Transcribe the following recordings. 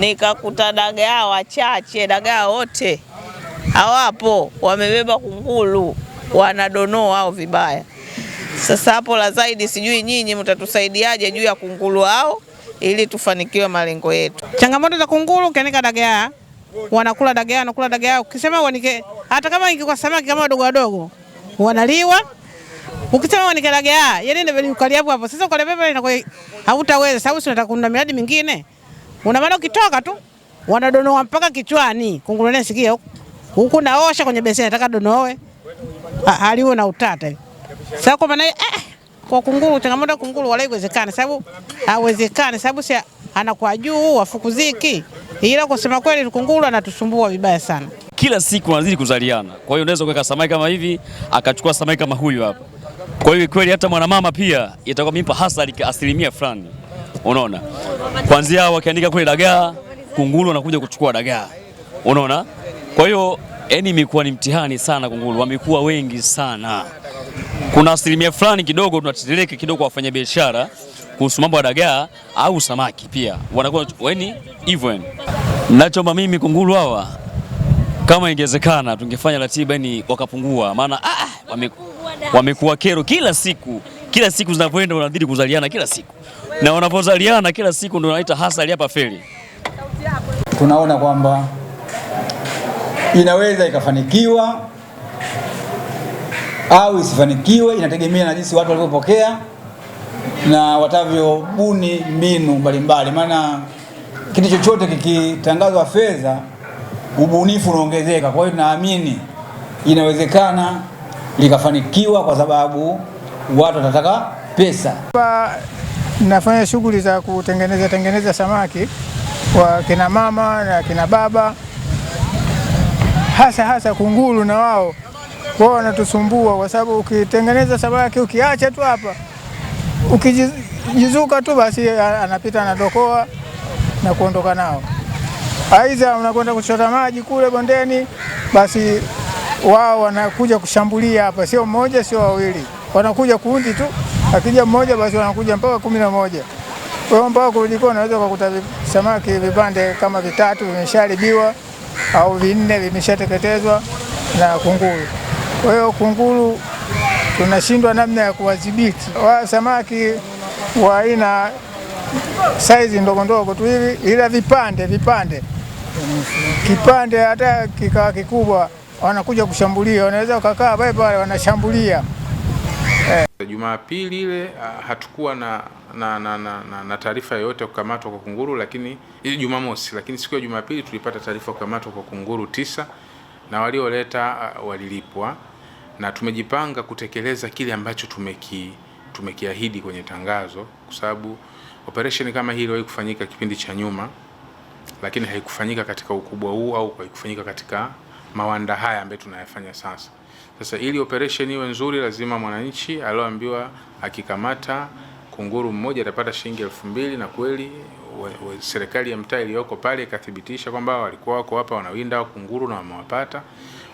Nikakuta dagaa wachache, dagaa wote hawapo, wamebeba kunguru, wanadonoa hao vibaya. Sasa hapo la zaidi, sijui nyinyi mtatusaidiaje juu ya kunguru hao ili tufanikiwe malengo yetu. Changamoto za kunguru, ukianika dagaa wanakula dagaa, wanakula dagaa, ukisema wanike, hata kama ingekuwa samaki kama wadogo wadogo wanaliwa Ukisema wanike dagaa, yani ndio ukalia hapo hapo. Sasa ukalia hapo inakuwa hautaweza, sababu si unataka kuna miradi mingine Una maana ukitoka tu wanadonoa mpaka kichwani, kungurune sikia huku huku, naosha kwenye beseni, nataka donoe haliwe na utata Sasa kwa maana eh, kwa kunguru, changamoto ya kunguru wala iwezekana, sababu hawezekani, sababu si anakuwa juu wafukuziki, ila kusema kweli kunguru anatusumbua vibaya sana kila siku wanazidi kuzaliana. Kwa hiyo unaweza kuweka samaki kama hivi akachukua samaki kama huyu hapa. Kwa hiyo kweli hata mwanamama pia itakuwa mimpa hasa asilimia fulani unaona, kwanzia wakiandika kule dagaa, kunguru wanakuja kuchukua dagaa, unaona. Kwa hiyo yani imekuwa ni mtihani sana, kunguru wamekuwa wengi sana. Kuna asilimia fulani kidogo tunatetereka kidogo, wafanya biashara kuhusu mambo ya dagaa au samaki pia wanakuwa yani hivyo. Nachoma mimi kunguru hawa kama ingewezekana tungefanya ratiba ni wakapungua, maana ah, ah wamekuwa kero kila siku, kila siku zinavyoenda wanazidi kuzaliana kila siku na wanapozaliana kila siku ndio naita hasali hapa feli. Tunaona kwamba inaweza ikafanikiwa au isifanikiwe, inategemea na jinsi watu walivyopokea na watavyobuni mbinu mbalimbali, maana kitu chochote kikitangazwa fedha, ubunifu unaongezeka. Kwa hiyo tunaamini inawezekana likafanikiwa, kwa sababu watu watataka pesa nafanya shughuli za kutengeneza tengeneza samaki kwa kina mama na kina baba, hasa hasa kunguru, na wao wao wanatusumbua kwa sababu ukitengeneza samaki ukiacha tu hapa, ukijizuka tu basi anapita anadokoa na kuondoka nao. Aidha, unakwenda kuchota maji kule bondeni, basi wao wanakuja kushambulia hapa, sio mmoja sio wawili, wanakuja kundi tu akija mmoja basi wanakuja mpaka kumi na moja. Kwa hiyo mpaka kurudi kwao unaweza kukuta samaki vipande kama vitatu vimesharibiwa au vinne vimeshateketezwa na kunguru. Kwa hiyo kunguru tunashindwa namna ya kuwadhibiti wa samaki wa aina saizi ndogo ndogo tu hivi, ila vipande vipande, kipande hata kikawa kikubwa, wanakuja kushambulia, wanaweza wakakaa pale pale, wanashambulia. Jumapili ile ah, hatukuwa na, na, na, na, na, na taarifa yoyote ya kukamatwa kwa kunguru, lakini ile Jumamosi, lakini siku ya Jumapili tulipata taarifa ya kukamatwa kwa kunguru tisa na walioleta ah, walilipwa, na tumejipanga kutekeleza kile ambacho tumeki tumekiahidi kwenye tangazo, kwa sababu operation kama hii iliwahi kufanyika kipindi cha nyuma, lakini haikufanyika katika ukubwa huu au haikufanyika katika mawanda haya ambayo tunayafanya sasa. Sasa ili operation iwe nzuri, lazima mwananchi alioambiwa akikamata kunguru mmoja atapata shilingi elfu mbili na kweli serikali ya mtaa iliyoko pale ikathibitisha kwamba walikuwa wako hapa wanawinda kunguru na wamewapata.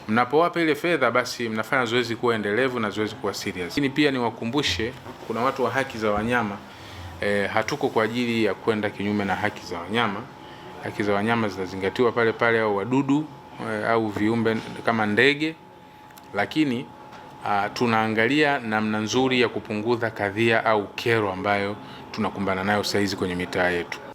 Mnapowapa ile fedha, basi mnafanya zoezi kuwa endelevu na zoezi kuwa serious. Lakini pia niwakumbushe, kuna watu wa haki za wanyama e, hatuko kwa ajili ya kwenda kinyume na haki za wanyama. Haki za wanyama zinazingatiwa pale pale, au wadudu e, au viumbe kama ndege lakini uh, tunaangalia namna nzuri ya kupunguza kadhia au kero ambayo tunakumbana nayo saizi kwenye mitaa yetu.